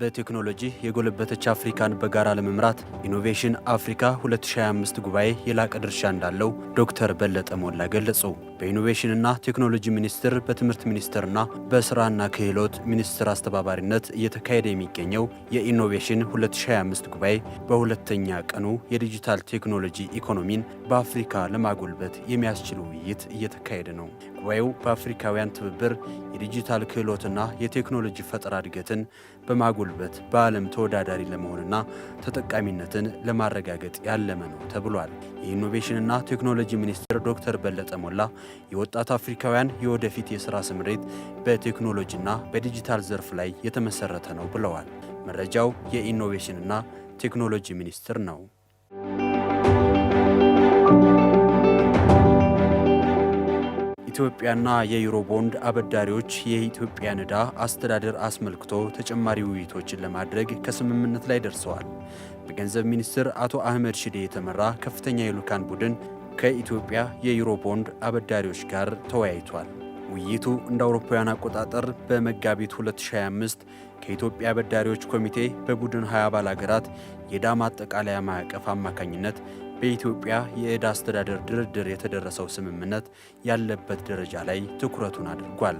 በቴክኖሎጂ የጎለበተች አፍሪካን በጋራ ለመምራት ኢኖቬሽን አፍሪካ 2025 ጉባኤ የላቀ ድርሻ እንዳለው ዶክተር በለጠ ሞላ ገለጹ። በኢኖቬሽንና ቴክኖሎጂ ሚኒስቴር በትምህርት ሚኒስቴርና በስራና ክህሎት ሚኒስቴር አስተባባሪነት እየተካሄደ የሚገኘው የኢኖቬሽን 2025 ጉባኤ በሁለተኛ ቀኑ የዲጂታል ቴክኖሎጂ ኢኮኖሚን በአፍሪካ ለማጎልበት የሚያስችል ውይይት እየተካሄደ ነው። ጉባኤው በአፍሪካውያን ትብብር የዲጂታል ክህሎትና የቴክኖሎጂ ፈጠራ እድገትን በማጎል ጉልበት በዓለም ተወዳዳሪ ለመሆንና ተጠቃሚነትን ለማረጋገጥ ያለመ ነው ተብሏል። የኢኖቬሽንና ቴክኖሎጂ ሚኒስትር ዶክተር በለጠ ሞላ የወጣት አፍሪካውያን የወደፊት የስራ ስምሬት በቴክኖሎጂና በዲጂታል ዘርፍ ላይ የተመሰረተ ነው ብለዋል። መረጃው የኢኖቬሽንና ቴክኖሎጂ ሚኒስቴር ነው። የኢትዮጵያና የዩሮ ቦንድ አበዳሪዎች የኢትዮጵያን ዕዳ አስተዳደር አስመልክቶ ተጨማሪ ውይይቶችን ለማድረግ ከስምምነት ላይ ደርሰዋል። በገንዘብ ሚኒስትር አቶ አህመድ ሽዴ የተመራ ከፍተኛ የልዑካን ቡድን ከኢትዮጵያ የዩሮ ቦንድ አበዳሪዎች ጋር ተወያይቷል። ውይይቱ እንደ አውሮፓውያን አቆጣጠር በመጋቢት 2025 ከኢትዮጵያ አበዳሪዎች ኮሚቴ በቡድን 20 አባል አገራት የዳማ አጠቃላይ ማዕቀፍ አማካኝነት በኢትዮጵያ የዕዳ አስተዳደር ድርድር የተደረሰው ስምምነት ያለበት ደረጃ ላይ ትኩረቱን አድርጓል።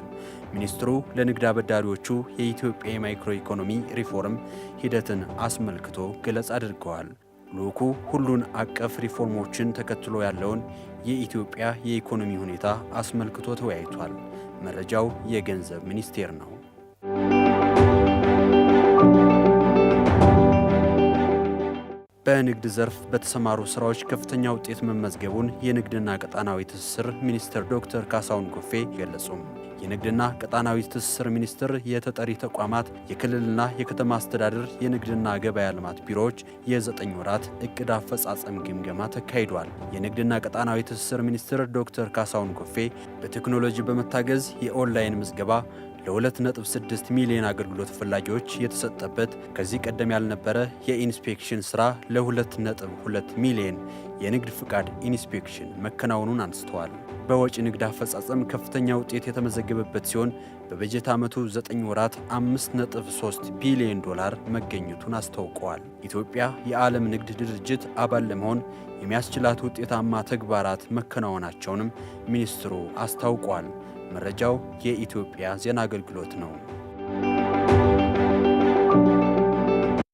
ሚኒስትሩ ለንግድ አበዳሪዎቹ የኢትዮጵያ የማይክሮ ኢኮኖሚ ሪፎርም ሂደትን አስመልክቶ ገለጽ አድርገዋል። ልዑኩ ሁሉን አቀፍ ሪፎርሞችን ተከትሎ ያለውን የኢትዮጵያ የኢኮኖሚ ሁኔታ አስመልክቶ ተወያይቷል። መረጃው የገንዘብ ሚኒስቴር ነው። በንግድ ዘርፍ በተሰማሩ ስራዎች ከፍተኛ ውጤት መመዝገቡን የንግድና ቀጣናዊ ትስስር ሚኒስትር ዶክተር ካሳሁን ጎፌ ገለጹ። የንግድና ቀጣናዊ ትስስር ሚኒስቴር የተጠሪ ተቋማት፣ የክልልና የከተማ አስተዳደር የንግድና ገበያ ልማት ቢሮዎች የዘጠኝ ወራት እቅድ አፈጻጸም ግምገማ ተካሂዷል። የንግድና ቀጣናዊ ትስስር ሚኒስትር ዶክተር ካሳሁን ጎፌ በቴክኖሎጂ በመታገዝ የኦንላይን ምዝገባ ለ2.6 ሚሊዮን አገልግሎት ፈላጊዎች የተሰጠበት ከዚህ ቀደም ያልነበረ የኢንስፔክሽን ስራ ለ2.2 ሚሊዮን የንግድ ፍቃድ ኢንስፔክሽን መከናወኑን አንስተዋል። በወጪ ንግድ አፈጻጸም ከፍተኛ ውጤት የተመዘገበበት ሲሆን በበጀት ዓመቱ 9 ወራት 5.3 ቢሊዮን ዶላር መገኘቱን አስታውቀዋል። ኢትዮጵያ የዓለም ንግድ ድርጅት አባል ለመሆን የሚያስችላት ውጤታማ ተግባራት መከናወናቸውንም ሚኒስትሩ አስታውቋል። መረጃው የኢትዮጵያ ዜና አገልግሎት ነው።